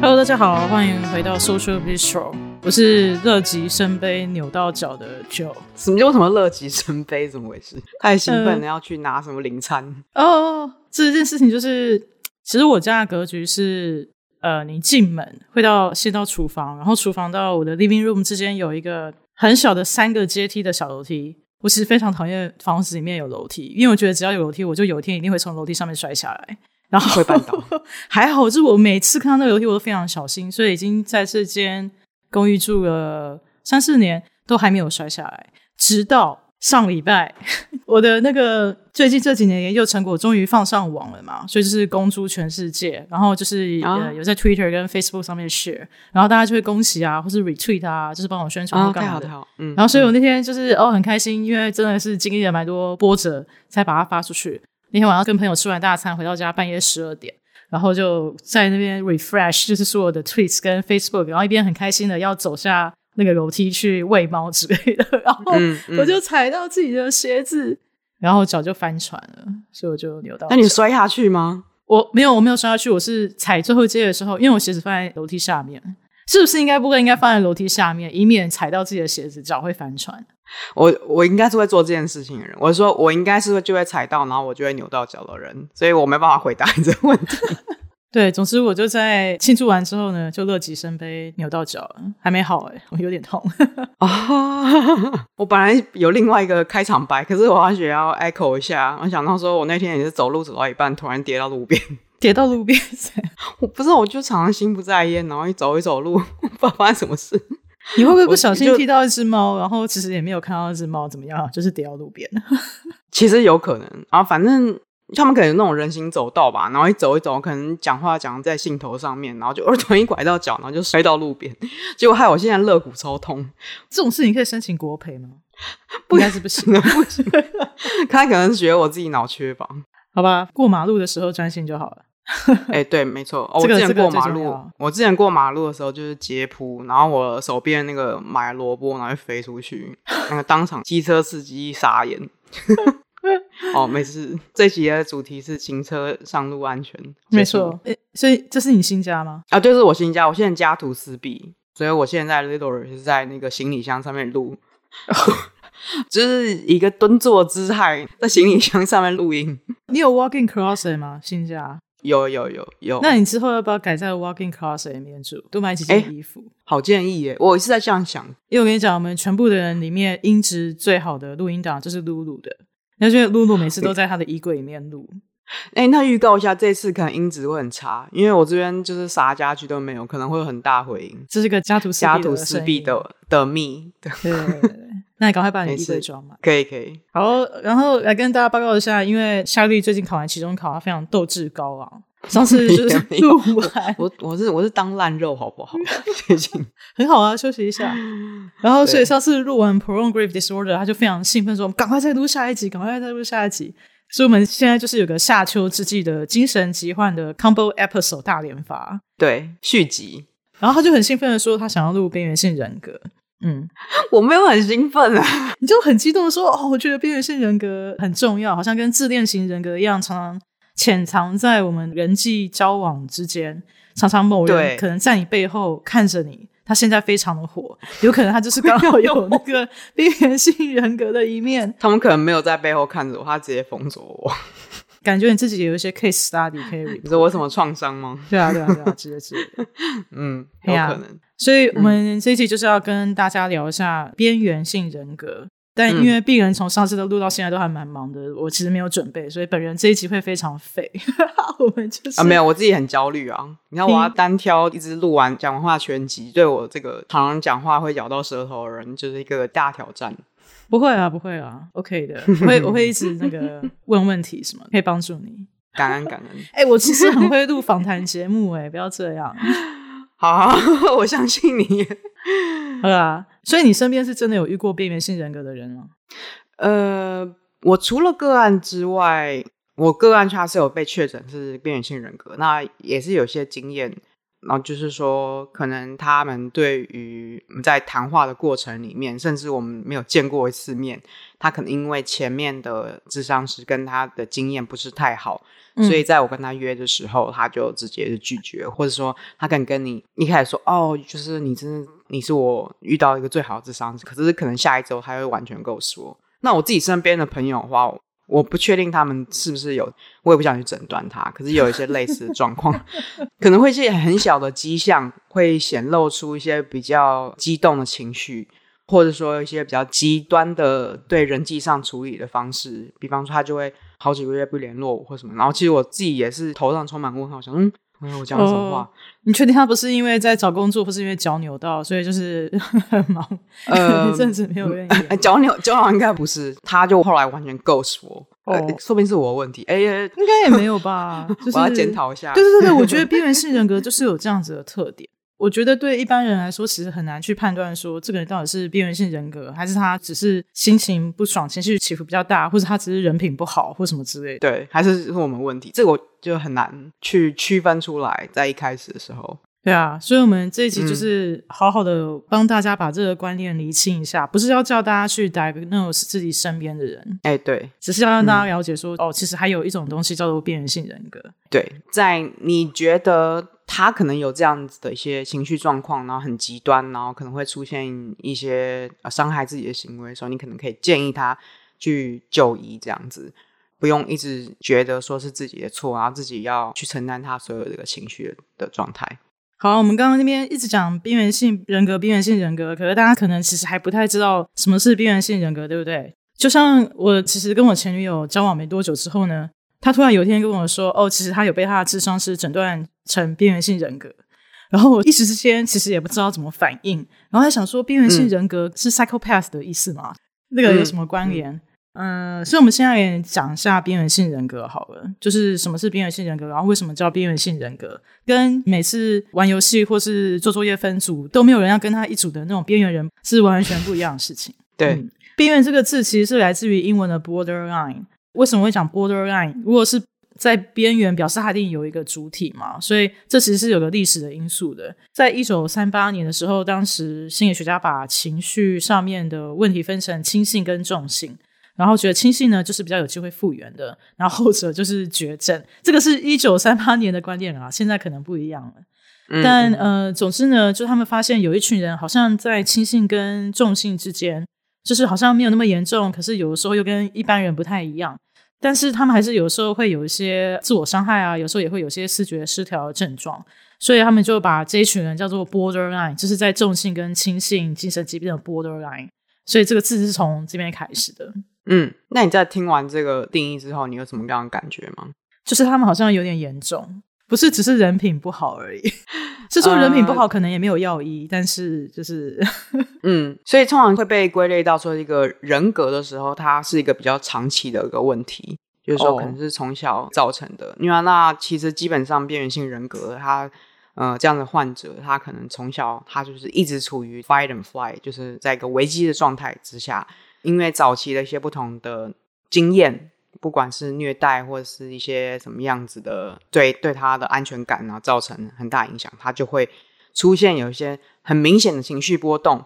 Hello，大家好，歡迎回到 Social Bistro。我是樂極生悲扭到腳的 Jo。什麼叫什麼樂極生悲？怎麼回事？太興奮了、呃，要去拿什麼零餐？哦，這件事情就是，其實我家的格局是。呃，你進門會到先到廚房，然後廚房到我的 living room 之間有一個很小的三個階梯的小樓梯。我其實非常討厭房子裡面有樓梯，因為我覺得只要有樓梯，我就有一天一定會從樓梯上面摔下來，然後會絆倒。 還好，就是我每次看到那個樓梯我都非常小心，所以已經在這間公寓住了三四年，都還沒有摔下來，直到。上禮拜，我的那個最近這幾年研究成果終於放上網了嘛，所以就是公諸全世界。然後就是有在 Twitter 跟 Facebook 上面 share，然後大家就會恭喜啊，或是 Retweet 啊，就是幫我宣傳或幹好的。嗯，然後所以我那天就是哦很開心，因為真的是經歷了蠻多波折才把它發出去。那天晚上跟朋友吃完大餐回到家，半夜十二點，然後就在那邊 refresh，就是說我的 tweets 跟 Facebook，然後一邊很開心的要走下那個樓梯去餵貓之類的，然後我就踩到自己的鞋子，嗯嗯、然後腳就翻船了，所以我就扭到腳。那你摔下去嗎？我沒有，我沒有摔下去，我是踩最後一階的時候，因為我鞋子放在樓梯下面，是不是應該不會應該放在樓梯下面？嗯，以免踩到自己的鞋子，腳會翻船。我我應該是會做這件事情的人，我說我應該是會就會踩到，然後我就會扭到腳的人，所以我沒辦法回答你這個的問題。 對，總之我就在慶祝完之後呢，就樂極生悲，扭到腳還沒好，欸，我有點痛、 啊。我本來有另外一個開場白，可是我好像要 echo 一下。我想到說，我那天也是走路走到一半，突然跌到路邊，跌到路邊。我不知道，我就常常心不在焉，然後一走一走路，不知道發生什麼事。你會不會不小心踢到一隻貓，然後其實也沒有看到那隻貓怎麼樣，就是跌到路邊？ 其實有可能啊，反正。他們可能有那種人行走道吧，然後一走一走，可能講話講在興頭上面，然後就耳筒一拐到腳，然後就摔到路邊，結果害我現在肋骨超痛。這種事情可以申請國賠嗎？不，應該是不行的， 不行。 他可能覺得我自己腦缺吧？好吧，過馬路的時候專心就好了。哎、 欸，對，沒錯、哦這個。我之前過馬路、這個，我之前過馬路的時候就是捷鋪然後我手邊那個買蘿蔔，然後飛出去， 那個當場機車司機傻眼。 哦，沒事。這集的主題是行車上路安全，沒錯。哎、欸，所以這是你新家嗎？啊，就是我新家。我現在家徒四壁，所以我現在 literally 是在那個行李箱上面錄，oh, 就是一個蹲坐姿態在行李箱上面錄音。你有 walk-in closet 嗎？新家有有有有。那你之後要不要改在 walk-in closet 裡面住？多買幾件衣服。欸、好建議耶，我是在這樣想。因為我跟你講，我們全部的人裡面音質最好的錄音檔就是露露的。而且露露每次都在他的衣櫃裡面錄。哎，那預告一下，這次可能音質會很差，因為我這邊就是啥家具都沒有，可能會有很大回音。這是個家徒家徒四壁的的 me。對，對對對對 那你趕快把你衣櫃裝嘛。可以可以。好，然後來跟大家報告一下，因為夏綠最近考完期中考，她非常鬥志高昂、啊。上次就是錄完，我我是我是當爛肉好不好？最 近 很好啊，休息一下。然後所以上次錄完 Prolonged Grief Disorder，他就非常興奮說，說趕快再錄下一集，趕快再錄下一集。所以我們現在就是有個夏秋之際的精神疾患的 Combo Episode 大連發，對，續集。然後他就很興奮的說，他想要錄邊緣性人格。嗯，我沒有很興奮啊， 你就很激動的說，哦，我覺得邊緣性人格很重要，好像跟自戀型人格一樣，常常。潛藏在我們人際交往之間，常常某人可能在你背後看着你。他現在非常的火，有可能他就是剛好有那個邊緣性人格的一面。他們可能沒有在背後看着我，他直接封鎖我。感覺你自己有一些 case study，可以。你說我什麼創傷嗎？對啊，對啊，對啊，直接，直接，嗯，有可能。Yeah, 所以，我們這一期就是要跟大家聊一下邊緣性人格。但因為病人從上次都錄到現在都還蠻忙的，嗯，我其實沒有準備，所以本人這一集會非常廢。 我們就是啊，沒有，我自己很焦慮啊。你看，我要單挑一直錄完講話全集，嗯，對我這個常常講話會咬到舌頭的人，就是一個大挑戰。不會啊，不會啊，OK 的， 我會我會一直那個問問題什麼，可以幫助你。感恩感恩。哎，欸，我其實很會錄訪談節目哎，欸， 不要這樣。好，好，我相信你。好啦。所以你身邊是真的有遇過邊緣性人格的人嗎？呃，我除了個案之外，我個案確實有被確診是邊緣性人格，那也是有些經驗。然後就是說，可能他們對於我們在談話的過程裡面，甚至我們沒有見過一次面，他可能因為前面的諮商師跟他的經驗不是太好，嗯，所以在我跟他約的時候，他就直接就拒絕，或者說他肯跟你一開始說哦，就是你真的你是我遇到一個最好的諮商師，可是可能下一周他會完全跟我說。那我自己身邊的朋友的話，我我不確定他們是不是有，我也不想去診斷他。可是有一些類似的狀況， 可能會是很小的跡象，會顯露出一些比較激動的情緒，或者說一些比較極端的對人際上處理的方式。比方說，他就會好幾個月不聯絡我或什麼。然後，其實我自己也是頭上充滿問號，想，嗯。沒有講什麼話、呃？你確定他不是因為在找工作，不是因為腳扭到，所以就是很忙呃，甚至 沒有原因、嗯呃？腳扭腳應該不是，他就後來完全 ghost 我、哦呃、說不定是我的問題，哎，應該也沒有吧？ 就是、我要檢討一下。 對對對，我覺得邊緣性人格就是有這樣子的特點。 我覺得對一般人來說，其實很難去判斷說這個人到底是邊緣性人格，還是他只是心情不爽、情緒起伏比較大，或是他只是人品不好或什麼之類的。對，還是我們問題，這個我就很難去區分出來，在一開始的時候。對啊，所以，我們這一集就是好好的幫大家把這個觀念釐清一下，不是要叫大家去 diagnose 自己身邊的人。哎、欸，對，只是要讓大家了解說，嗯、哦，其實還有一種東西叫做邊緣性人格。對，在你覺得。他可能有這樣子的一些情緒狀況，然後很極端，然後可能會出現一些、呃、傷害自己的行為，所以你可能可以建議他去就醫這樣子，不用一直覺得說是自己的錯，然後自己要去承擔他所有的這個情緒的狀態。好、啊，我們剛剛那邊一直講邊緣性人格，邊緣性人格，可是大家可能其實還不太知道什麼是邊緣性人格，對不對？就像我其實跟我前女友交往沒多久之後呢。他突然有一天跟我說：“哦，其實他有被他的諮商師診斷成邊緣性人格。”然後我一時之間其實也不知道怎麼反應。然後他想說：“邊緣性人格是 psychopath 的意思嗎？嗯、那個有什麼關聯？”嗯，嗯、呃，所以我們現在也講一下邊緣性人格好了，就是什麼是邊緣性人格，然後為什麼叫邊緣性人格，跟每次玩遊戲或是做作業分組都沒有人要跟他一組的那種邊緣人是完全不一樣的事情。對，嗯、邊緣這個字其實是來自於英文的 borderline。為什麼會講 borderline？如果是在邊緣，表示它一定有一個主體嘛，所以這其實是有個歷史的因素的。在一九三八年的時候，當時心理學家把情緒上面的問題分成輕性跟重性，然後覺得輕性呢就是比較有機會復原的，然後後者就是絕症。這個是一九三八年的觀念啊，現在可能不一樣了。嗯、但、嗯、呃，總之呢，就他們發現有一群人好像在輕性跟重性之間。就是好像沒有那麼嚴重，可是有的時候又跟一般人不太一樣。但是他們還是有時候會有一些自我傷害啊，有時候也會有一些思覺失調的症狀，所以他們就把這一群人叫做 borderline，就是在重性跟輕性精神疾病的 borderline。所以這個字是從這邊開始的。嗯，那你在聽完這個定義之後，你有什麼樣的感覺嗎？就是他們好像有點嚴重。不是，只是人品不好而已。 是說人品不好，可能也沒有藥醫，呃、但是就是， 嗯，所以通常會被歸類到說一個人格的時候，它是一個比較長期的一個問題，就是說可能是從小造成的。Oh. 因為、啊、那其實基本上邊緣性人格，他呃這樣的患者，他可能從小他就是一直處於 fight and flight，就是在一個危機的狀態之下，因為早期的一些不同的經驗。不管是虐待，或者是一些什麼樣子的，對對他的安全感然後造成很大影響，他就會出現有一些很明顯的情緒波動，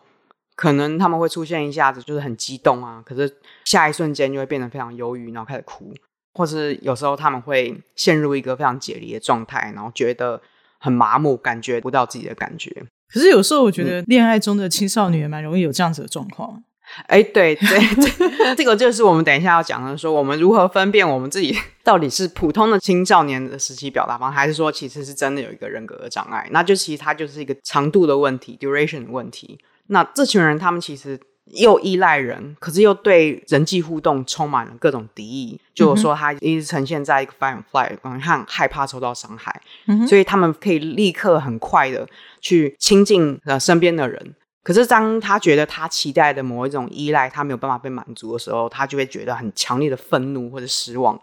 可能他們會出現一下子就是很激動啊，可是下一瞬間就會變得非常憂鬱，然後開始哭，或是有時候他們會陷入一個非常解離的狀態，然後覺得很麻木，感覺不到自己的感覺。可是有時候我覺得戀愛中的青少女也蠻容易有這樣子的狀況。嗯哎，對對，對 這個就是我們等一下要講的，說我們如何分辨我們自己到底是普通的青少年的時期表達方還是說其實是真的有一個人格的障礙。那就其實它就是一個長度的問題，duration 的問題。那這群人他們其實又依賴人，可是又對人際互動充滿了各種敵意，嗯、就說他一直呈現在一個 fight or flight，害怕受到傷害、嗯，所以他們可以立刻很快的去親近呃身邊的人。可是，當他覺得他期待的某一種依賴他沒有辦法被滿足的時候，他就會覺得很強烈的憤怒或者失望，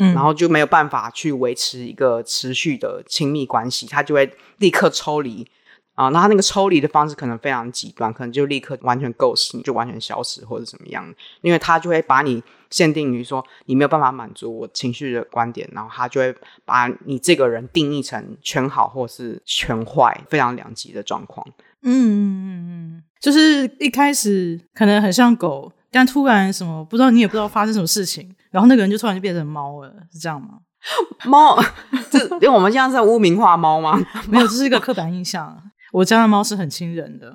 嗯，然後就沒有辦法去維持一個持續的親密關係，他就會立刻抽離啊。那他那個抽離的方式可能非常極端，可能就立刻完全 ghost，你就完全消失或者怎麼樣。因為他就會把你限定於說你沒有辦法滿足我情緒的觀點，然後他就會把你這個人定義成全好或是全壞，非常兩極的狀況。嗯，嗯嗯嗯，就是一開始可能很像狗，但突然什麼不知道，你也不知道發生什麼事情，然後那個人就突然就變成貓了，是這樣嗎？貓，這因為 我們現在是在污名化貓嗎？沒有，這、就是一個刻板印象。我家的貓是很親人的，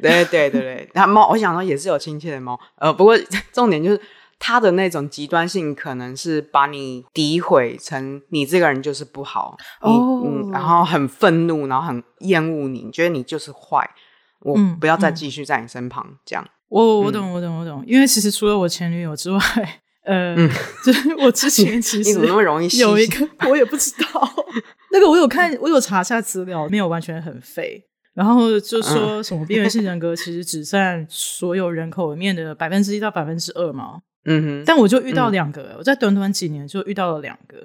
對對對對。那貓，我想說也是有親切的貓，呃，不過重點就是。他的那種極端性可能是把你詆毀成你這個人就是不好，哦、oh. 嗯、然後很憤怒，然後很厭惡你，你覺得你就是壞，我不要再繼續在你身旁、嗯嗯。這樣，我我懂、嗯、我懂我懂。因為其實除了我前女友之外，呃、嗯，就是我之前其實有 你怎麼那麼容易有一個？我也不知道，那個我有看我有查一下資料，沒有完全很廢，然後就說、嗯、什麼邊緣性人格其實只占所有人口裡面的百分之一到百分之二嘛。嗯哼，但我就遇到兩個、嗯，我在短短幾年就遇到了兩個。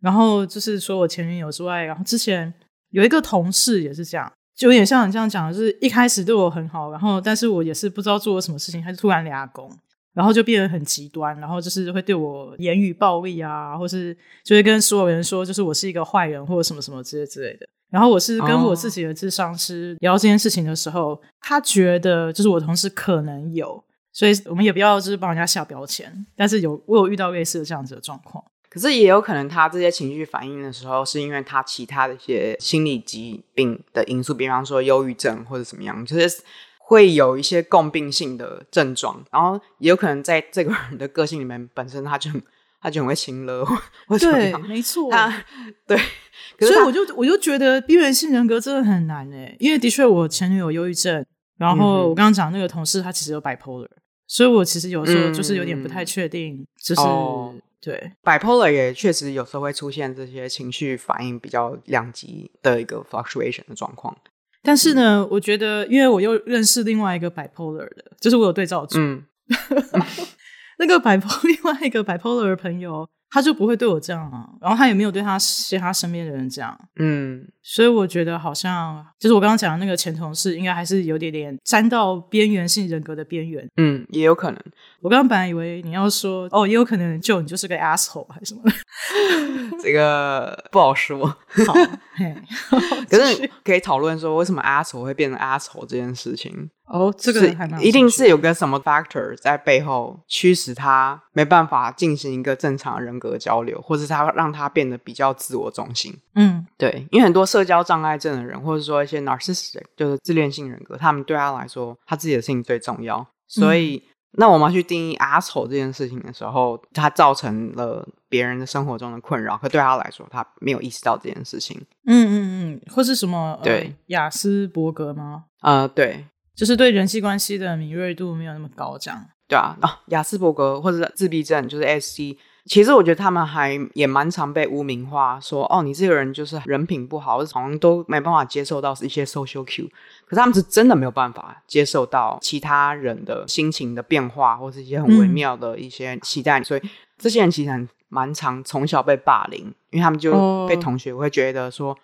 然後就是說我前女友之外，然後之前有一個同事也是這樣，就有點像你這樣講的，就是一開始對我很好，然後但是我也是不知道做了什麼事情，他就突然倆工，然後就變得很極端，然後就是會對我言語暴力啊，或是就會跟所有人說，就是我是一個壞人或者什麼什麼之類之類的。然後我是跟我自己的諮商師聊這件事情的時候，哦、他覺得就是我同事可能有。所以我們也不要就是幫人家下標籤，但是有我有遇到類似的這樣子的狀況。可是也有可能他這些情緒反應的時候，是因為他其他的一些心理疾病的因素，比方說憂鬱症或者怎麼樣，就是會有一些共病性的症狀。然後也有可能在這個人的個性裡面，本身他就很他就很會輕了，會怎麼樣？對沒錯，啊，對。所以我就我就覺得邊緣性人格真的很難哎、欸，因為的確我前女友憂鬱症，然後我剛剛講那個同事，他其實有 bipolar。所以我其實有時候就是有點不太確定，嗯、就是，哦、對，bipolar 也確實有時候會出現這些情緒反應比較兩極的一個 fluctuation 的狀況。但是呢，嗯，我覺得因為我又認識另外一個 bipolar 的，就是我有對照組，嗯、 那個 bipolar 另外一個 bipolar 的朋友。他就不會對我這樣啊，然後他也沒有對他其他身邊的人這樣，嗯，所以我覺得好像就是我剛剛講的那個前同事，應該還是有點點沾到邊緣性人格的邊緣，嗯，也有可能。我剛剛本來以為你要說哦，也有可能就你就是個 asshole 還是什麼，這個不好說。好 可是可以討論說，為什麼 asshole 會變成 asshole 這件事情？哦，這個還一定是有個什麼 factor 在背後驅使他。沒辦法進行一個正常人格交流，或是他讓他變得比較自我中心。嗯，對，因為很多社交障礙症的人，或者說一些 narcissistic，就是自戀性人格，他們對他來說，他自己的事情最重要。所以，嗯、那我們要去定義阿丑這件事情的時候，他造成了別人的生活中的困擾，可對他來說，他沒有意識到這件事情。嗯嗯嗯，或是什麼？對，呃、亞斯伯格嗎？啊、呃，對，就是對人際關係的敏銳度沒有那麼高漲。對啊，啊，亞斯伯格或者是自閉症，就是 SC。其實我覺得他們還也蠻常被污名化，說哦，你這個人就是人品不好，好像都沒辦法接受到一些 social cue。可是他們是真的沒有辦法接受到其他人的心情的變化，或是一些很微妙的一些期待。嗯、所以這些人其實很蠻常從小被霸凌，因為他們就被同學會覺得說、嗯、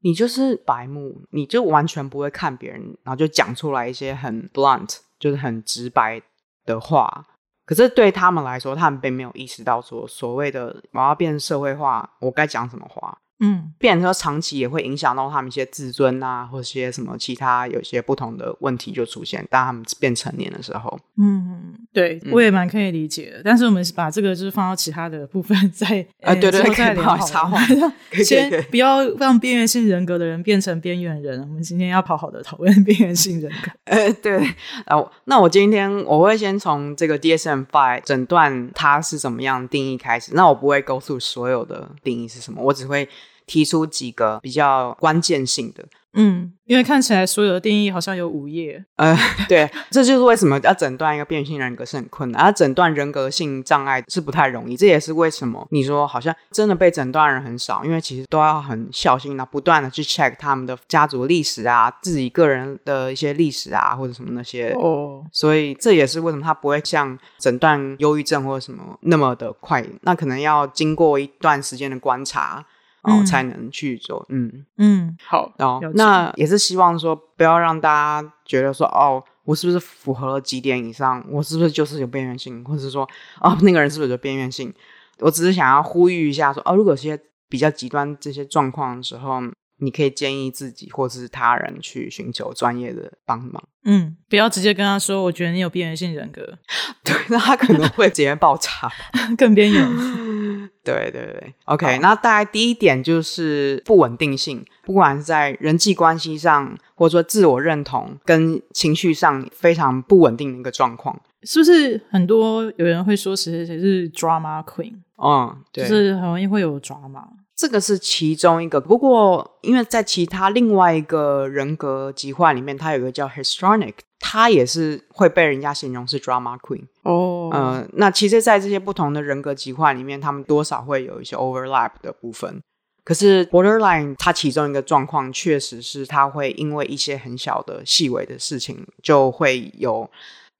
你就是白目，你就完全不會看別人，然後就講出來一些很 blunt，就是很直白的。的話，可是對他們來說，他們並沒有意識到說所謂的我要變社會化，我該講什麼話。嗯，變成說長期也會影響到他們一些自尊啊，或者些什麼其他有些不同的問題就出現。當他們變成年的時候，嗯。對，我也蠻可以理解的。嗯，但是我們把這個就是放到其他的部分再啊、呃欸，對對對，再聊好， 先不要讓邊緣性人格的人變成邊緣人可以可以。我們今天要好好的，討論邊緣性人格。 呃，對啊，那我今天我會先從這個 DSM-5 診斷他是怎麼樣定義開始，那我不會告訴所有的定義是什麼，我只會。提出幾個比較關鍵性的，嗯，因為看起來所有的定義好像有五頁，呃，對， 這就是為什麼要診斷一個邊緣性人格是很困難，而、啊、診斷人格性障礙是不太容易，這也是為什麼你說好像真的被診斷的人很少，因為其實都要很小心的不斷地去 check 他們的家族歷史啊，自己個人的一些歷史啊，或者什麼那些哦，oh. 所以這也是為什麼他不會像診斷憂鬱症或者什麼那麼的快，那可能要經過一段時間的觀察。然後、哦、才能去做，嗯嗯，好的、哦。那也是希望說，不要讓大家覺得說，哦，我是不是符合了幾點以上，我是不是就是有邊緣性，或者是說，哦，那個人是不是有邊緣性？我只是想要呼籲一下說，哦，如果有些比較極端這些狀況的時候。你可以建議自己或者是他人去尋求專業的幫忙。嗯，不要直接跟他說，我覺得你有邊緣性人格。 對，那他可能會直接爆炸， 更邊邊緣緣。 對對對，OK。那大概第一點就是不穩定性，不管是在人際關係上，或者說自我認同跟情緒上，非常不穩定的一個狀況。是不是很多有人會說誰誰誰是 drama queen？嗯，對，就是很容易會有 drama。這個是其中一個，不過因為在其他另外一個人格疾患裡面，它有一個叫 Histrionic，它也是會被人家形容是 Drama Queen 哦。嗯、Oh. 呃，那其實，在這些不同的人格疾患裡面，他們多少會有一些 overlap 的部分。可是 Borderline，它其中一個狀況，確實是他會因為一些很小的、細微的事情，就會有。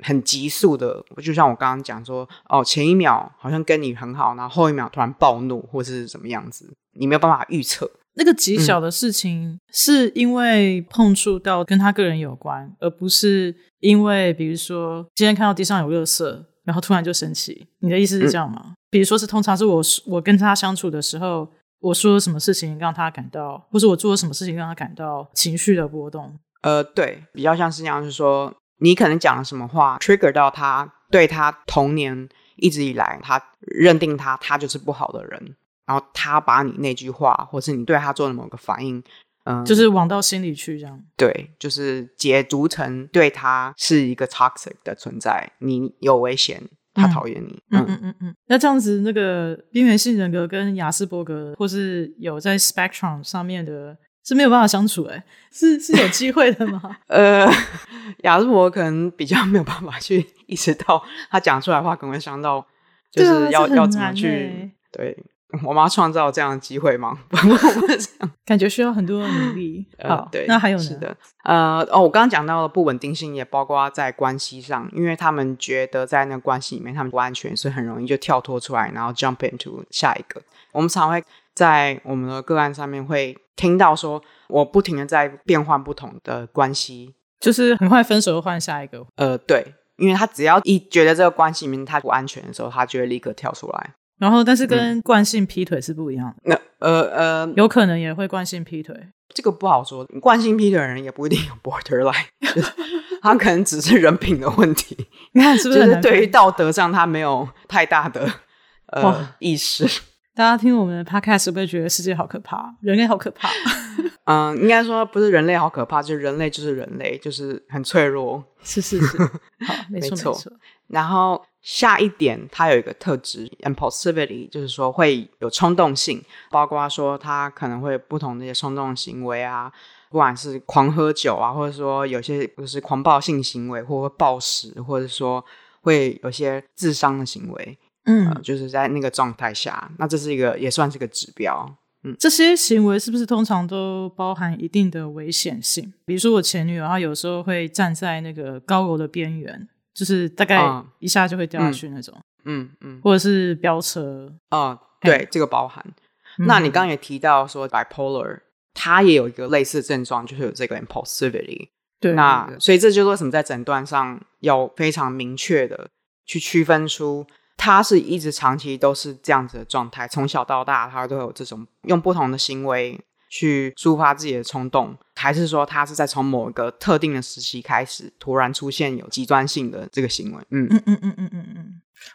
很急速的，就像我剛剛講說，哦，前一秒好像跟你很好，然後後一秒突然暴怒，或是怎麼樣子，你沒有辦法預測那個極小的事情。嗯，是因為碰觸到跟他個人有關，而不是因為比如說今天看到地上有垃圾，然後突然就生氣。你的意思是這樣嗎？嗯，比如說是通常是我我跟他相處的時候，我說什麼事情讓他感到，或是我做了什麼事情讓他感到情緒的波動？呃，對，比較像是那樣，就是說。你可能講了什麼話，trigger 到他對他童年一直以來，他認定他他就是不好的人，然後他把你那句話，或是你對他做的某個反應，嗯，就是往到心裡去這樣。對，就是解讀成對他是一個 toxic 的存在，你有危險，他討厭你。嗯嗯嗯嗯。那這樣子，那個邊緣性人格跟亞斯伯格，或是有在 spectrum 上面的。是沒有辦法相處哎，是是有機會的嗎？ 呃，亞斯伯可能比較沒有辦法去意識到，他講出來的話可能會傷到，就是要、啊、這是要怎麼去對我媽創造這樣的機會嗎？這 樣不想 感覺需要很多努力、呃。好，對，那還有呢？是的，呃哦，我剛剛講到的不穩定性也包括在關係上，因為他們覺得在那個關係裡面他們不安全，所以很容易就跳脫出來，然後 jump into 下一個。我們常會在我們的個案上面會。聽到說，我不停的在變換不同的關係，就是很快分手就換下一個。呃，對，因為他只要一覺得這個關係裡面，他不安全的時候，他就會立刻跳出來。然後，但是跟慣性劈腿是不一樣、嗯。那呃呃，有可能也會慣性劈腿，這個不好說。慣性劈腿的人也不一定有 borderline、就是、 他可能只是人品的問題。你看是不是？就是對於道德上他沒有太大的呃意識。大家聽我們的 podcast 會不會覺得世界好可怕，人類好可怕？嗯 呃，應該說不是人類好可怕，就是人類就是人類就是很脆弱， 是是是，好、哦、 沒錯，然後下一點，它有一個特質 impulsivity，就是說會有衝動性，包括說他可能會不同的一些衝動行為啊，不管是狂喝酒啊，或者說有些就是狂暴性行為，或者會暴食，或者說會有些自傷的行為。嗯、呃，就是在那個狀態下，那這是一個也算是個指標。嗯，這些行為是不是通常都包含一定的危險性？比如說我前女友，她有時候會站在那個高樓的邊緣，就是大概一下就會掉下去那種。嗯嗯，嗯，或者是飆車啊、嗯嗯，對，這個包含。嗯、那你剛剛也提到說，bipolar，他也有一個類似的症狀，就是有這個 impulsivity。對，那對所以這就是為什麼在診斷上要非常明確的去區分出。他是一直長期都是這樣子的狀態，從小到大他都會有這種用不同的行為去抒發自己的衝動，還是說他是在從某一個特定的時期開始突然出現有極端性的這個行為？嗯嗯嗯嗯嗯嗯嗯，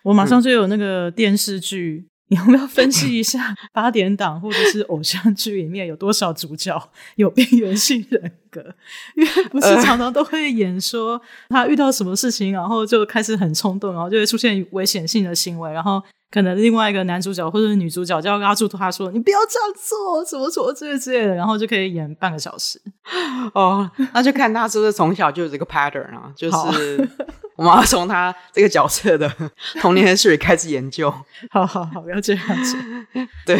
我馬上就有那個電視劇。嗯、你要不要分析一下八點檔 或者是偶像劇裡面有多少主角有邊緣性人？因為不是常常都會演說他遇到什麼事情，呃，然後就開始很衝動，然後就會出現危險性的行為，然後可能另外一個男主角或者女主角就要拉住他，他說：“ 你不要這樣做，什麼什麼之類之類的。”然後就可以演半個小時哦。那就看他是不是從小就有這個 pattern 啊， 就是我們要從他這個角色的童年 history 開始研究。 好好好，不要這樣子 對。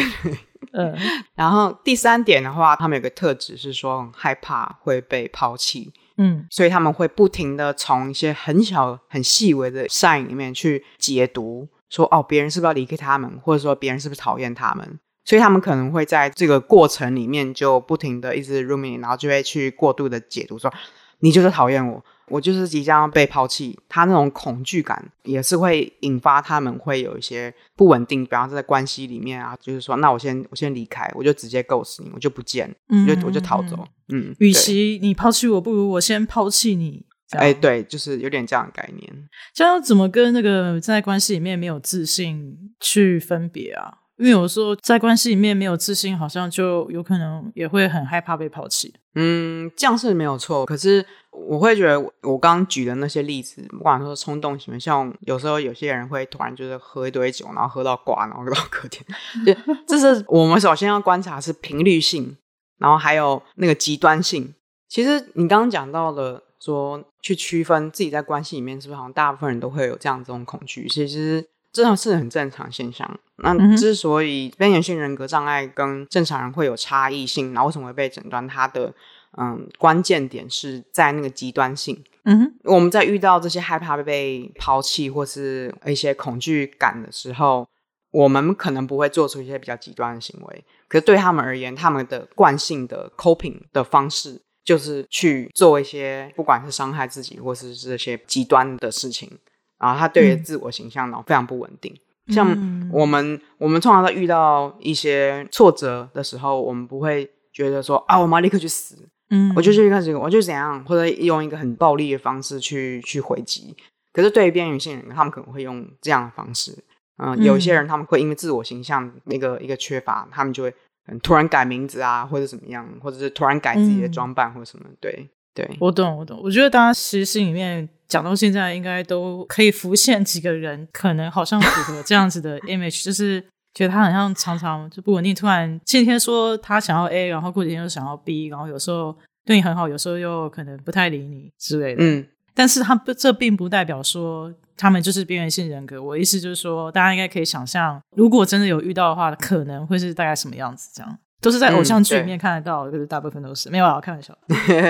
嗯，然後第三點的話，他們有個特質是說很害怕會被拋棄，嗯，所以他們會不停的從一些很小、很細微的 sign 裡面去解讀，說哦，別人是不是要離開他們，或者說別人是不是討厭他們，所以他們可能會在這個過程裡面就不停的一直 rooming，然後就會去過度的解讀說，你就是討厭我。我就是即將要被拋棄，他那種恐懼感也是會引發他們會有一些不穩定，比方說在關係裡面啊，就是說，那我先我先離開，我就直接告死你，我就不見，我、嗯、就我就逃走。嗯，與其你拋棄我，不如我先拋棄你。哎、欸，對，就是有點這樣的概念。這樣怎麼跟那個在關係裡面沒有自信去分別啊？因為有時候在關係裡面沒有自信，好像就有可能也會很害怕被拋棄。嗯，這樣是沒有錯。可是我會覺得我，我剛剛舉的那些例子，不管說衝動型的，像有時候有些人會突然就是喝一堆酒，然後喝到掛，然後到隔天。對， 這是我們首先要觀察是頻率性，然後還有那個極端性。其實你剛剛講到了，說去區分自己在關係裡面是不是，好像大部分人都會有這樣這種恐懼。其實。這是很正常現象。那之所以邊緣性人格障礙跟正常人會有差異性，然後為什麼會被診斷？它的嗯關鍵點是在那個極端性。嗯，我們在遇到這些害怕被拋棄或是一些恐懼感的時候，我們可能不會做出一些比較極端的行為。可是對他們而言，他們的慣性的 coping 的方式就是去做一些，不管是傷害自己或是這些極端的事情。啊，他對於自我形象呢非常不穩定。像我們，嗯、我們通常在遇到一些挫折的時候，我們不會覺得說啊，我要立刻去死，嗯，我就去看這個，我就怎樣，或者用一個很暴力的方式去去回擊。可是對於邊緣性人格，他們可能會用這樣的方式。嗯，有一些人他們會因為自我形象那個、嗯、一個缺乏，他們就會突然改名字啊，或者怎麼樣，或者是突然改自己的裝扮或者什麼，嗯、對。對，我懂我懂，我覺得大家其實心裡面講到現在，應該都可以浮現幾個人，可能好像符合這樣子的 image， 就是覺得他好像常常就不穩定，突然今天說他想要 A，然後過幾天又想要 B，然後有時候對你很好，有時候又可能不太理你之類的。嗯，但是他不，這並不代表說他們就是邊緣性人格。我意思就是說，大家應該可以想象，如果真的有遇到的話，可能會是大概什麼樣子這樣。都是在偶像劇裡面看得到。嗯，就是大部分都是沒有啦，我開玩笑，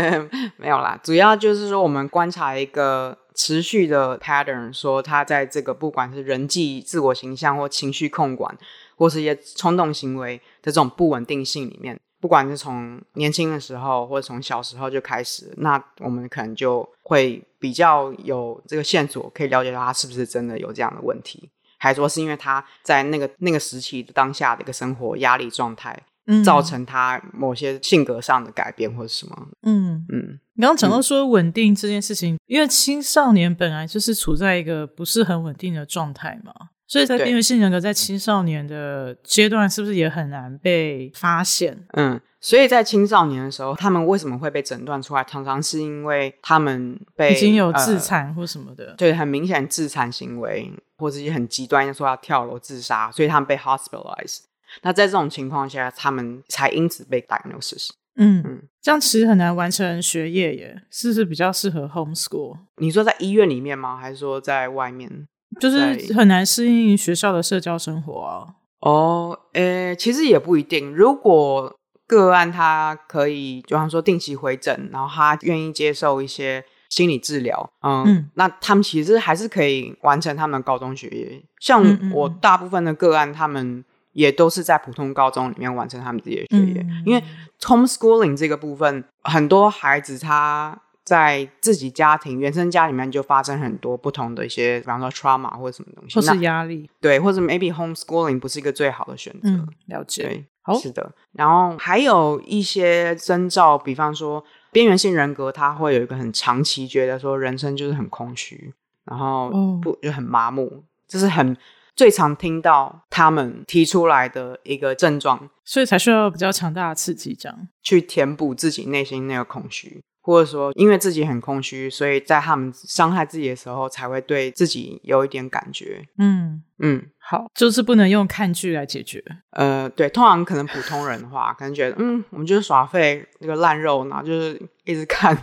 沒有啦。主要就是說，我們觀察一個持續的 pattern，說他在這個不管是人際、自我形象或情緒控管，或是一些衝動行為的這種不穩定性裡面，不管是從年輕的時候，或者從小時候就開始，那我們可能就會比較有這個線索，可以了解到他是不是真的有這樣的問題，還說是因為他在那個那個時期的當下的一個生活壓力狀態。嗯，造成他某些性格上的改變或者什麼？嗯嗯，你剛剛講到說穩定這件事情、嗯，因為青少年本來就是處在一個不是很穩定的狀態嘛，所以在邊緣性人格在青少年的階段是不是也很難被發現？嗯，所以在青少年的時候，他們為什麼會被診斷出來？常常是因為他們被已經有自殘或什麼的，對、呃，很明顯自殘行為，或是很極端，說要跳樓自殺，所以他們被 hospitalized。那在這種情況下，他們才因此被 diagnosis。嗯嗯，這樣其實很難完成學業耶，是不是比較適合 homeschool？你說在醫院裡面嗎？還是說在外面？就是很難適應學校的社交生活啊。哦，誒、欸，其實也不一定。如果個案他可以，比方說定期回診，然後他願意接受一些心理治療、嗯，嗯，那他們其實還是可以完成他們高中學業。像我大部分的個案，嗯嗯他們，也都是在普通高中裡面完成他們自己的學業，嗯、因為 homeschooling 這個部分、嗯，很多孩子他在自己家庭、原生家裡面就發生很多不同的一些，比方說 trauma 或者什麼東西，或是壓力，對，或者 maybe homeschooling 不是一個最好的選擇、嗯，了解，對，Oh? 是的。然後還有一些徵兆，比方說邊緣性人格，他會有一個很長期覺得說人生就是很空虛，然後不、Oh. 就很麻木，就是很。最常聽到他們提出來的一個症狀，所以才需要比較強大的刺激，這樣去填補自己內心那個空虛，或者說因為自己很空虛，所以在他們傷害自己的時候，才會對自己有一點感覺。嗯嗯，好，就是不能用看劇來解決。呃，對，通常可能普通人的話， 可能覺得嗯，我們就是耍廢那個爛肉，然後就是一直看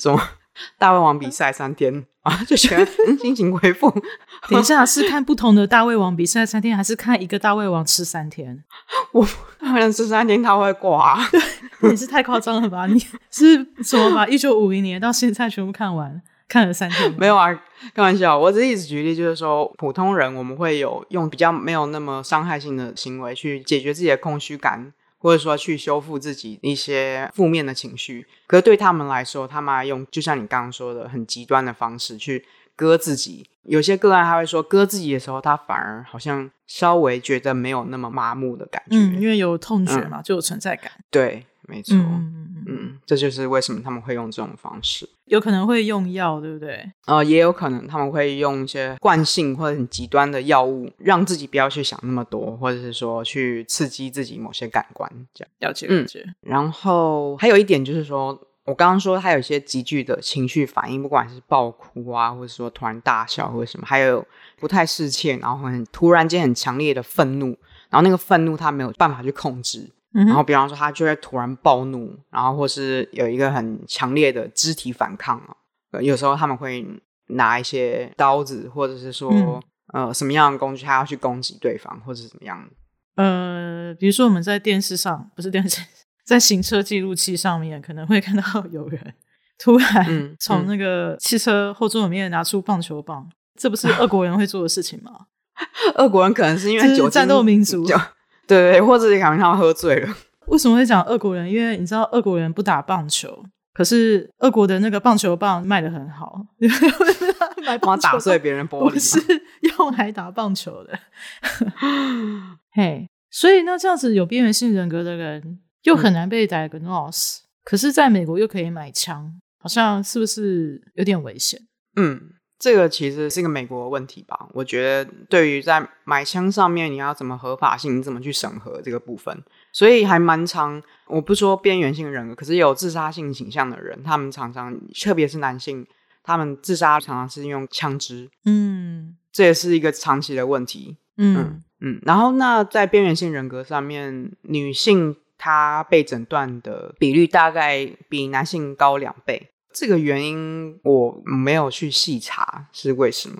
什麼大胃王比賽三天啊， 就覺得、嗯、心情恢復。等一下啊，是看不同的大胃王比賽三天，還是看一個大胃王吃三天？我好像吃三天他會掛。 你是太誇張了吧？ 你是什麼把一九五一年到現在全部看完，看了三天？沒有啊，開玩笑。我只是一直舉例就是說，普通人我們會有用比較沒有那麼傷害性的行為去解決自己的空虛感，或者說去修復自己一些負面的情緒。可是對他們來說，他們還用就像你剛剛說的很極端的方式去。割自己，有些個案他會說，割自己的時候，他反而好像稍微覺得沒有那麼麻木的感覺，嗯，因為有痛覺嘛，嗯、就有存在感。對，沒錯。嗯，嗯，這就是為什麼他們會用這種方式。有可能會用藥，對不對？呃，也有可能他們會用一些慣性或者很極端的藥物，讓自己不要去想那麼多，或者是說去刺激自己某些感官，這樣了解了解、嗯。然後還有一點就是說。我剛剛說他有一些急劇的情緒反應，不管是暴哭啊，或者說突然大笑或者什麼，還有不太適切，然後很突然間很強烈的憤怒，然後那個憤怒他沒有辦法去控制、嗯，然後比方說他就會突然暴怒，然後或是有一個很強烈的肢體反抗、啊、有時候他們會拿一些刀子，或者是說、嗯、呃什麼樣的工具，他要去攻擊對方或者是怎麼樣。呃，比如說我們在電視上，不是電視上。在行車記錄器上面可能會看到有人突然從那個汽車後座裡面拿出棒球棒，嗯嗯、這不是俄國人會做的事情嗎？ 俄國人可能是因為是戰鬥民族， 對對對，或者可能他喝醉了。為什麼會講俄國人？因為你知道俄國人不打棒球，可是俄國的那個棒球棒賣得很好，來打碎別人玻璃，我是用來打棒球的。嘿 ，hey, 所以那這樣子有邊緣性人格的人。又很難被 diagnose，嗯，可是，在美國又可以買槍，好像是不是有點危險？嗯，這個其實是一個美國的問題吧。我覺得對於在買槍上面，你要怎麼合法性，怎麼去審核這個部分？所以還蠻常，我不說邊緣性人格，可是有自殺性傾向的人，他們常常，特別是男性，他們自殺常常是用槍支。嗯，這也是一個長期的問題。嗯嗯，嗯，然後那在邊緣性人格上面，女性。他被診斷的比率大概比男性高兩倍，這個原因我沒有去細查是為什麼。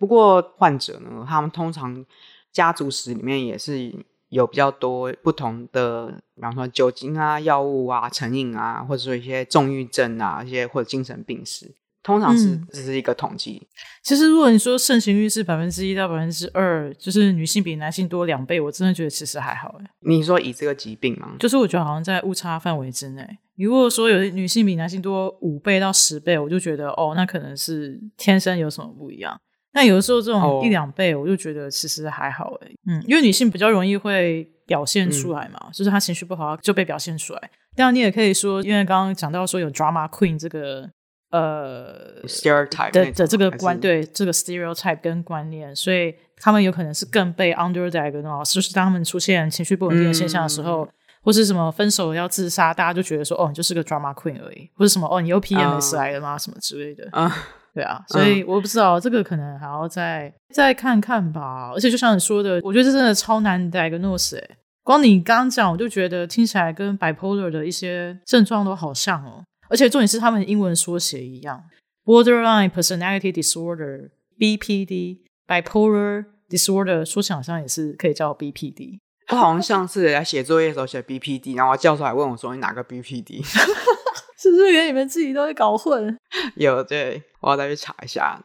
不過患者呢，他們通常家族史裡面也是有比較多不同的，比方說酒精啊、藥物啊、成癮啊，或者說一些重鬱症啊，一些或者精神病史。通常是、嗯、只是一個統計。其實，如果你說盛行率是百分之一到百分之二，就是女性比男性多兩倍，我真的覺得其實還好哎。你說以這個疾病嗎？就是我覺得好像在誤差範圍之內。如果說有女性比男性多五倍到十倍，我就覺得哦，那可能是天生有什麼不一樣。但有的時候這種一兩倍，我就覺得其實還好哎嗯，因為女性比較容易會表現出來嘛，嗯、就是她情緒不好就被表現出來。當然，你也可以說，因為剛剛講到說有 drama queen 這個。呃，stereotype 的的這，的這個觀對這個 stereotype 跟觀念，所以他們有可能是更被 under diagnose、嗯。就是當他們出現情緒不穩定的現象的時候、嗯，或是什麼分手要自殺，大家就覺得說哦，你就是個 drama queen 而已，或是什麼哦，你有 PMS、uh, 來的嗎？什麼之類的，uh, 對啊。所以我不知道、uh, 這個可能還要再再看看吧。而且就像你說的，我覺得這真的超難 diagnose、欸。光你剛講，我就覺得聽起來跟 bipolar 的一些症狀都好像哦。而且重點是，他們英文縮寫一樣，borderline personality disorder（BPD）、bipolar disorder 說起來好像也是可以叫 BPD。我好像上次在家寫作業的時候寫 BPD，然後我叫出來問我，說你哪個 BPD？ 是不是連你們自己都會搞混？有對，我要再去查一下。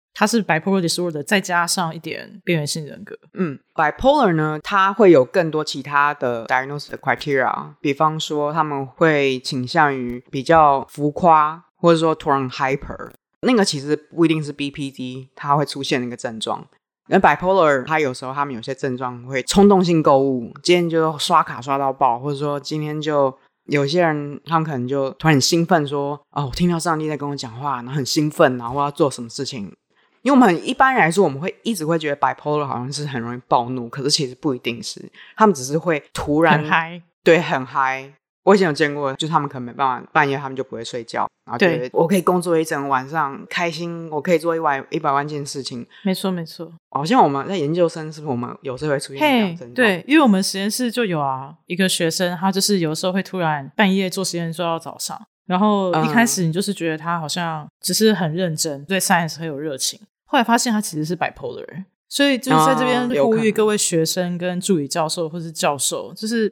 它是 bipolar disorder，再加上一點邊緣性人格。嗯，bipolar 呢，它會有更多其他的 diagnosis 的 criteria。比方說，他們會傾向於比較浮誇，或者說突然 hyper。那個其實不一定是 BPD，它會出現那個症狀。那 bipolar 它有時候他們有些症狀會衝動性購物，今天就刷卡刷到爆，或者說今天就有些人他們可能就突然很興奮說，哦，我聽到上帝在跟我講話，然後很興奮，然後要做什麼事情。因為我們很一般人來說，我們會一直會覺得 bipolar 好像是很容易暴怒，可是其實不一定是，他們只是會突然嗨。對，很嗨。我以前有見過，就他們可能沒辦法半夜，他們就不會睡覺，然後對，對，對，我可以工作一整晚上，開心，我可以做一百萬一百萬件事情。沒錯，沒錯。好、哦、像我們在研究生，是不是我們有時候會出現這樣子？Hey, 對，因為我們實驗室就有啊，一個學生，他就是有時候會突然半夜做實驗做到早上，然後一開始你就是覺得他好像只是很認真，對 science 很有熱情。後來發現他其實是 bipolar，所以就是在這邊呼籲各位學生跟助理教授或是教授，就是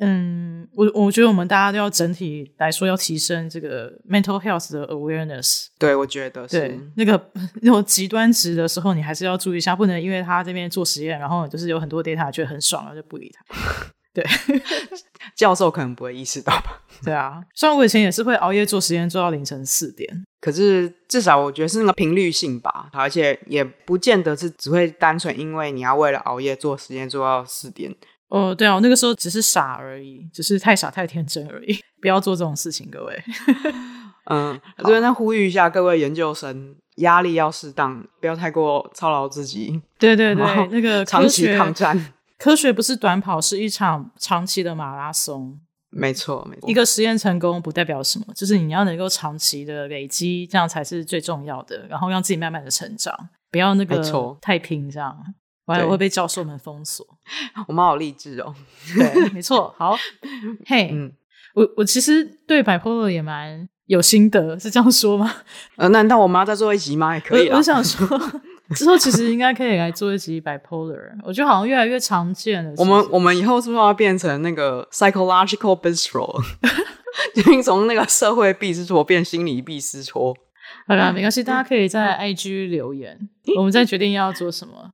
嗯，我我覺得我們大家都要整體來說要提升這個 mental health 的 awareness。對，我覺得是對那個那種極端值的時候，你還是要注意一下，不能因為他這邊做實驗，然後就是有很多 data 覺得很爽了，就不理他。 對，教授可能不會意識到吧？對啊，雖然我以前也是會熬夜做實驗，做到凌晨四點。可是至少我覺得是那個頻率性吧，而且也不見得是只會單純因為你要為了熬夜做實驗做到四點。哦、oh，對啊，我那個時候只是傻而已，只是太傻太天真而已，不要做這種事情，各位。 嗯，我覺得那呼籲一下各位研究生，壓力要適當，不要太過操勞自己。對對對，那個長期抗戰，那個科，科學不是短跑，是一場長期的馬拉松。沒錯，沒錯。一個實驗成功不代表什麼，就是你要能夠長期的累積，這樣才是最重要的。然後讓自己慢慢的成長，不要那個太拼，這樣，不然會被教授們封鎖。我媽好勵志哦。對， 沒錯。好，嘿、hey，嗯，我我其實對 bipolar 也蠻有心得，是這樣說嗎？呃，那那我媽再做一集嘛也可以啊。我想說。 之後其實應該可以來做一集 bipolar， 我覺得好像越來越常見了。我們我們以後是不是要變成那個 psychological bistro？決 定從那個社會必事撮變心理必事撮？好了，沒關係，大家可以在 IG 留言，嗯、我們再決定要做什麼。嗯、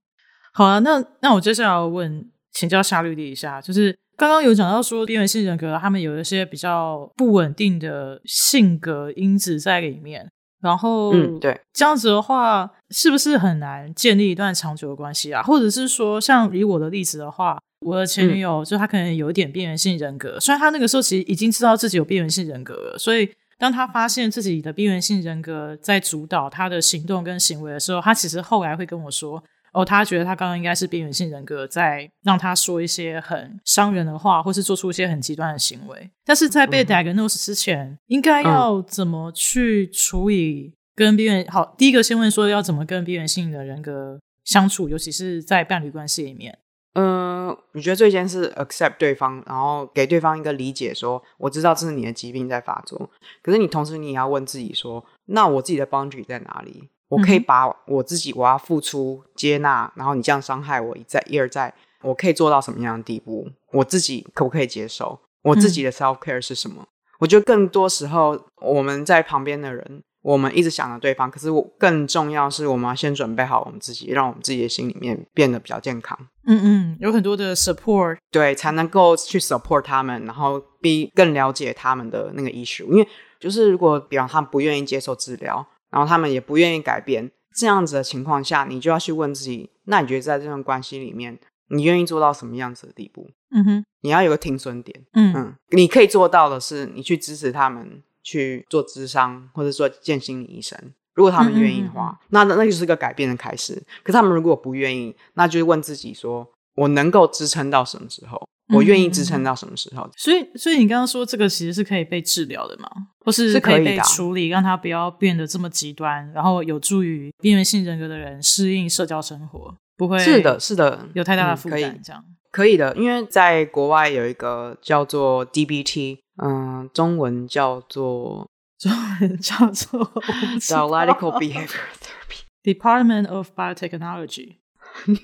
好啊，那那我接下來要問請教夏綠蒂一下，就是剛剛有講到說邊緣性人格，他們有一些比較不穩定的性格因子在裡面。然後，嗯，對，這樣子的話，是不是很難建立一段長久的關係啊？或者是說，像以我的例子的話，我的前女友就她，可能有一點邊緣性人格，嗯。雖然她那個時候其實已經知道自己有邊緣性人格了，所以當她發現自己的邊緣性人格在主導她的行動跟行為的時候，她其實後來會跟我說。哦，他覺得他剛剛應該是邊緣性人格在讓他說一些很傷人的話，或是做出一些很極端的行為。但是在被 diagnose 之前，嗯、應該要怎麼去處理跟邊緣、嗯？好，第一個先問說要怎麼跟邊緣性的人格相處，尤其是在伴侶關係裡面。嗯、呃，你覺得最先是 accept 對方，然後給對方一個理解說，說我知道這是你的疾病在發作。可是你同時你也要問自己說，那我自己的 boundary 在哪裡？我可以把我自己，我要付出接納、接、嗯、納，然後你這樣傷害我一再一而再，我可以做到什麼樣的地步？我自己可不可以接受？我自己的 self care 是什麼？嗯、我覺得更多時候我們在旁邊的人，我們一直想着對方，可是我更重要是我們要先準備好我們自己，讓我們自己的心裡面變得比較健康。嗯嗯，有很多的 support，對，才能夠去 support 他們，然後比更了解他們的那個 issue。因為就是如果比方他們不願意接受治療。然後他們也不願意改變，這樣子的情況下，你就要去問自己，那你覺得在這種關係裡面，你願意做到什麼樣子的地步？嗯哼，你要有個停損點。嗯，嗯，你可以做到的是，你去支持他們去做諮商，或者說見心理醫生，如果他們願意的話，嗯嗯嗯，那那那就是個改變的開始。可是他們如果不願意，那就問自己說。我能夠支撐到什麼時候？我願意支撐到什麼時候嗯嗯嗯？所以，所以你剛剛說這個其實是可以被治療的嘛？或是是可以被處理，讓他不要變得這麼極端，然後有助於邊緣性人格的人適應社交生活，不會是的，是的，有太大的負擔這樣可以的。因為在國外有一個叫做 DBT，嗯、呃，中文叫做中文叫做。 Dialectical Behavior Therapy Department of Biotechnology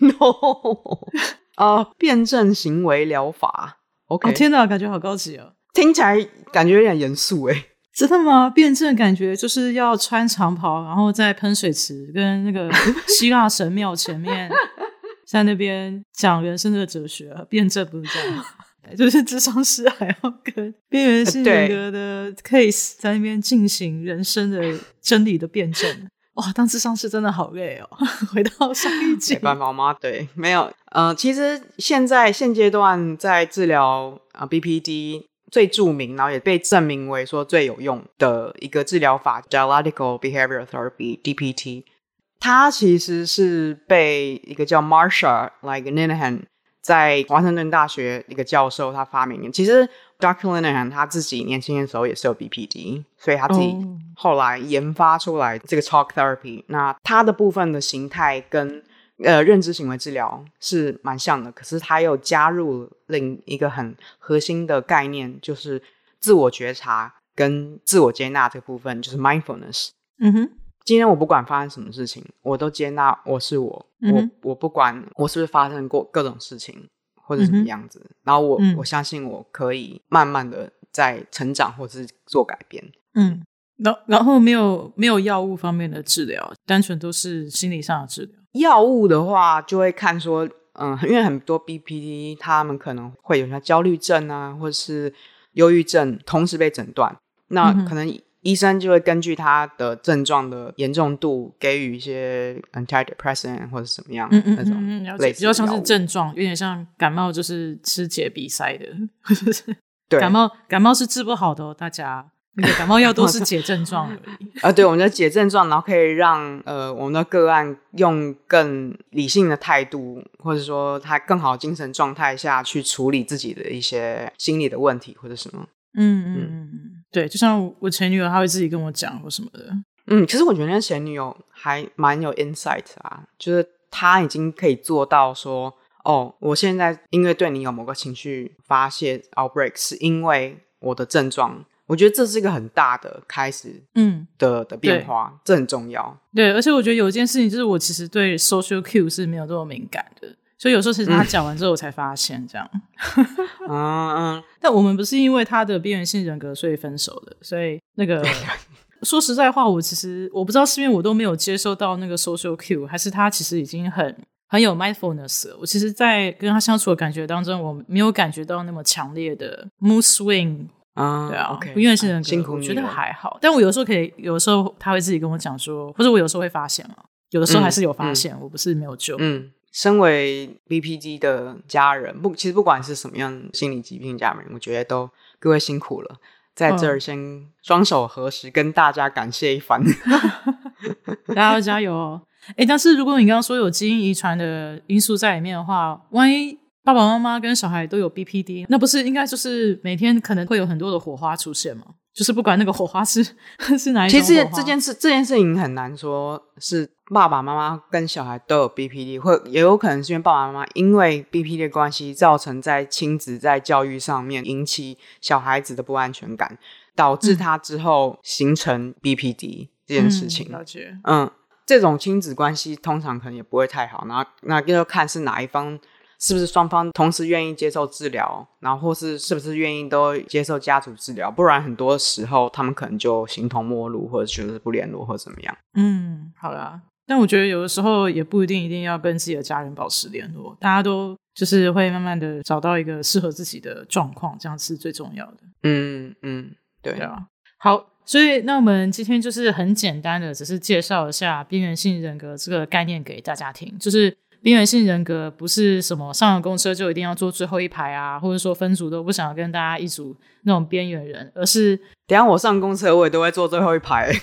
No。啊、呃，辯證行為療法，OK、哦。天吶，感覺好高級哦。聽起來感覺有點嚴肅誒。真的嗎？辯證感覺就是要穿長袍，然後在噴水池跟那個希臘神廟前面，在那邊講人生的哲學、啊， 辯證不是這樣，就是諮商師，還要跟邊緣性人格的 case 在那邊進行人生的真理的辯證。 哇、哦，當時上市真的好累哦！回到上一集，沒辦法嗎？對，沒有。呃，其實現在現階段在治療啊、呃、，BPD 最著名，然後也被證明為說最有用的一個治療法 ，Dialectical Behavior Therapy（DPT）。它其實是被一個叫 Marsha Linehan 在華盛頓大學一個教授他發明。其實。Dr. Linehan 他自己年輕的時候也是有 BPD，所以他自己後來研發出來這個 Talk Therapy，oh。那它的部分的形態跟呃認知行為治療是蠻像的，可是他又加入另一個很核心的概念，就是自我覺察跟自我接納的這部分，就是 Mindfulness。嗯哼，今天我不管發生什麼事情，我都接納我是我，mm-hmm. 我我不管我是不是發生過各種事情。或者什麼樣子，嗯、然後我我相信我可以慢慢的在成長，或是做改變。嗯，然然後沒有沒有藥物方面的治療，單純都是心理上的治療。藥物的話，就會看說，嗯、呃，因為很多 BPD 他們可能會有像焦慮症啊，或者是憂鬱症同時被診斷，那可能。醫生就會根據他的症狀的嚴重度，給予一些 antidepressant 或者怎麼樣的那種類似嗯嗯嗯，比較像是症狀，嗯、有點像感冒，就是吃解鼻塞的。 對，感冒感冒是治不好的哦，大家那個感冒藥都是解症狀的啊、 呃。對，我們的解症狀，然後可以讓呃我們的個案用更理性的態度，或者說他更好的精神狀態下去處理自己的一些心理的問題或者什麼。嗯嗯嗯。嗯對，就像我前女友，她會自己跟我講或什麼的。嗯，其實我覺得那前女友還蠻有 insight 啊，就是她已經可以做到說，哦，我現在因為對你有某個情緒發洩 outbreak，是因為我的症狀。我覺得這是一個很大的開始的，嗯，的的變化，這很重要。對，而且我覺得有一件事情就是，我其實對 social cue 是沒有這麼敏感的。所以有時候其實他講完之後，我才發現這樣。啊，但我們不是因為他的邊緣性人格所以分手的，所以那個說實在話，我其實我不知道是因為我都沒有接受到那個 social cue，還是他其實已經很很有 mindfulness。我其實，在跟他相處的感覺當中，我沒有感覺到那麼強烈的 mood swing、uh。啊，對啊，okay, 邊緣性人格，我覺得還好。但我有時候可以，有時候他會自己跟我講說，或者我有時候會發現啊，有的時候還是有發現，嗯、我不是沒有救。嗯。身為 BPD 的家人，不，其實不管是什麼樣心理疾病家人，我覺得都各位辛苦了，在這兒先雙手合十，跟大家感謝一番。哦、 大家要加油！哦。哎、欸，但是如果你剛剛說有基因遺傳的因素在裡面的話，萬一爸爸媽，媽媽跟小孩都有 BPD，那不是應該就是每天可能會有很多的火花出現嗎？就是不管那個火花是是哪一種，其實這件事這件事情很難說是。爸爸媽媽跟小孩都有 B P D，或也有可能是因為爸爸媽媽因為 B P D 的關係造成在親子在教育上面引起小孩子的不安全感，導致他之後形成 B P D 這件事情嗯。了解。嗯，這種親子關係通常可能也不會太好。那那就要看是哪一方，是不是雙方同時願意接受治療，然後或是是不是願意都接受家族治療，不然很多時候他們可能就形同陌路，或者就是不聯絡或者怎麼樣。嗯，好了。但我覺得有的時候也不一定一定要跟自己的家人保持聯絡，大家都就是會慢慢的找到一個適合自己的狀況，這樣是最重要的。嗯嗯，對啊。好，所以那我們今天就是很簡單的，只是介紹一下邊緣性人格這個概念給大家聽。就是邊緣性人格不是什麼上了公車就一定要坐最後一排啊，或者說分組都不想要跟大家一組那種邊緣人，而是等一下我上公車我也都會坐最後一排。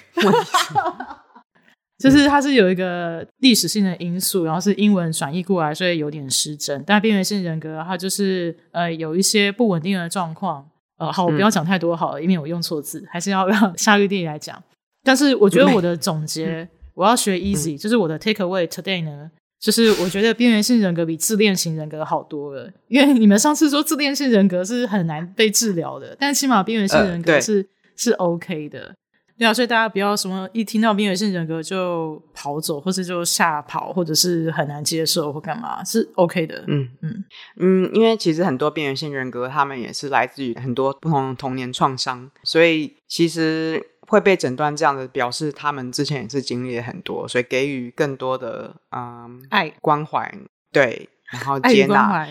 就是它是有一個歷史性的因素，然後是英文轉譯過來，所以有點失真。但邊緣性人格它就是呃有一些不穩定的狀況。呃，好，我不要講太多好了，嗯、以免我用錯字，還是要讓夏綠蒂來講。但是我覺得我的總結，嗯、我要學 easy，、嗯、就是我的 take away today 呢，就是我覺得邊緣性人格比自戀型人格好多了，因為你們上次說自戀性人格是很難被治療的，但起碼邊緣性人格是、呃、是，是 OK 的。對啊，所以大家不要什麼一聽到邊緣性人格就跑走，或是就嚇跑，或者是很難接受或幹嘛，是 OK 的。嗯嗯嗯，因為其實很多邊緣性人格，他們也是來自於很多不同的童年創傷，所以其實會被診斷這樣的，表示他們之前也是經歷了很多，所以給予更多的嗯愛關懷，對，然後接納，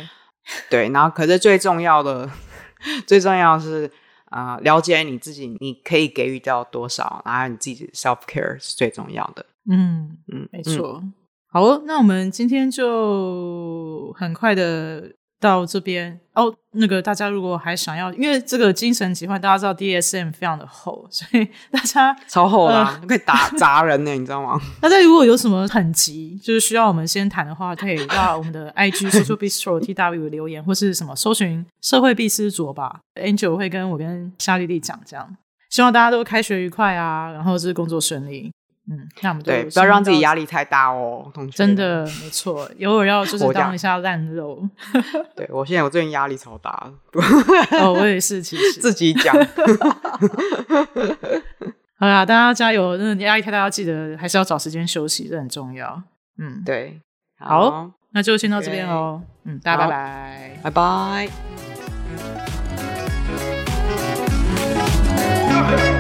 對，然後可是最重要的， 最重要的是。啊、呃，了解你自己，你可以給予到多少？然後你自己的 self care 是最重要的。嗯嗯，沒錯、嗯。好，那我們今天就很快的。到這邊哦，那個大家如果還想要，因為這個精神疾患，大家知道 D S M 非常的厚，所以大家超厚了，啊、呃，可以打砸人呢，欸， 你知道嗎？大家如果有什麼很急，就是需要我們先談的話，可以到我們的 I G Social Bistro T W 留言，或是什麼搜尋社會必思卓吧，Angel 會跟我跟夏麗麗講這樣。希望大家都開學愉快啊，然後就是工作順利。嗯，那我們對，不要讓自己壓力太大哦，同學。真的，沒錯，有會要就是當一下爛肉。我 對我現在我最近壓力超大， 哦，我也是，其實 自己講講。 好啦，大家加油！嗯，壓力太大要記得還是要找時間休息，這很重要。嗯，對，好，好那就先到這邊嘍。嗯，大家拜拜，拜拜。